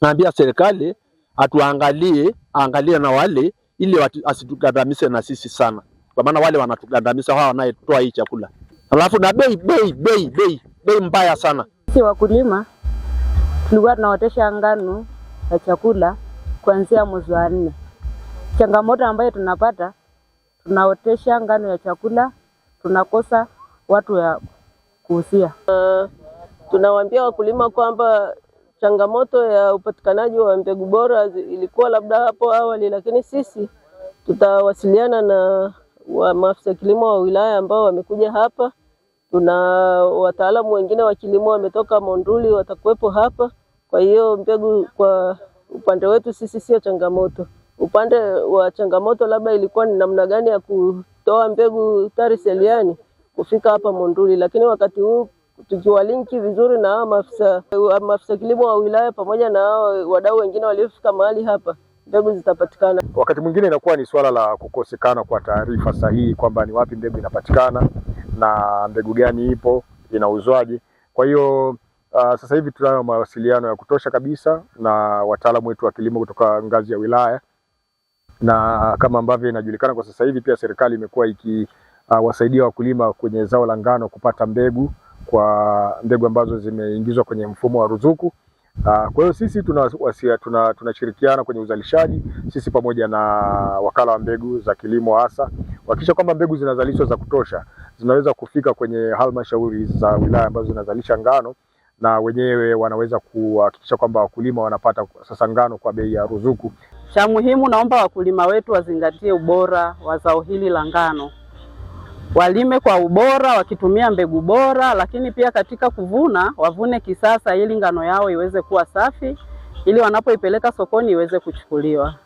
naambia serikali atuangalie, aangalie na wale ili asitugandamise na sisi sana, kwa maana wale wanatugandamisa hawa wanayetoa hii chakula, alafu na bei bei bei bei bei mbaya sana. Si wakulima tulikuwa tunaotesha ngano ya chakula kuanzia mwezi wa nne. Changamoto ambayo tunapata, tunaotesha ngano ya chakula tunakosa watu ya kuhusia. Uh, tunawaambia wakulima kwamba changamoto ya upatikanaji wa mbegu bora ilikuwa labda hapo awali, lakini sisi tutawasiliana na wa maafisa kilimo wa wilaya ambao wamekuja hapa. Tuna wataalamu wengine wa kilimo wametoka Monduli, watakuwepo hapa. Kwa hiyo mbegu kwa upande wetu sisi sio changamoto. Upande wa changamoto labda ilikuwa ni namna gani ya kutoa mbegu TARI Seliani kufika hapa Monduli, lakini wakati huu tukiwalinki vizuri na hao maafisa maafisa kilimo wa wilaya pamoja na hao wadau wengine waliofika mahali hapa, mbegu zitapatikana. Wakati mwingine inakuwa ni swala la kukosekana kwa taarifa sahihi kwamba ni wapi mbegu inapatikana na mbegu gani ipo inauzwaje. Kwa hiyo Uh, sasa hivi tunayo mawasiliano ya kutosha kabisa na wataalamu wetu wa kilimo kutoka ngazi ya wilaya, na kama ambavyo inajulikana kwa sasa hivi, pia serikali imekuwa ikiwasaidia uh, wakulima kwenye zao la ngano kupata mbegu kwa mbegu ambazo zimeingizwa kwenye mfumo wa ruzuku. Ah, kwa hiyo sisi tunashirikiana tuna, tuna kwenye uzalishaji sisi pamoja na wakala wa mbegu za kilimo hasa kuhakikisha kwamba mbegu zinazalishwa za kutosha zinaweza kufika kwenye halmashauri za wilaya ambazo zinazalisha ngano na wenyewe wanaweza kuhakikisha kwamba wakulima wanapata sasa ngano kwa bei ya ruzuku. Cha muhimu, naomba wakulima wetu wazingatie ubora wa zao hili la ngano walime kwa ubora wakitumia mbegu bora, lakini pia katika kuvuna wavune kisasa, ili ngano yao iweze kuwa safi, ili wanapoipeleka sokoni iweze kuchukuliwa.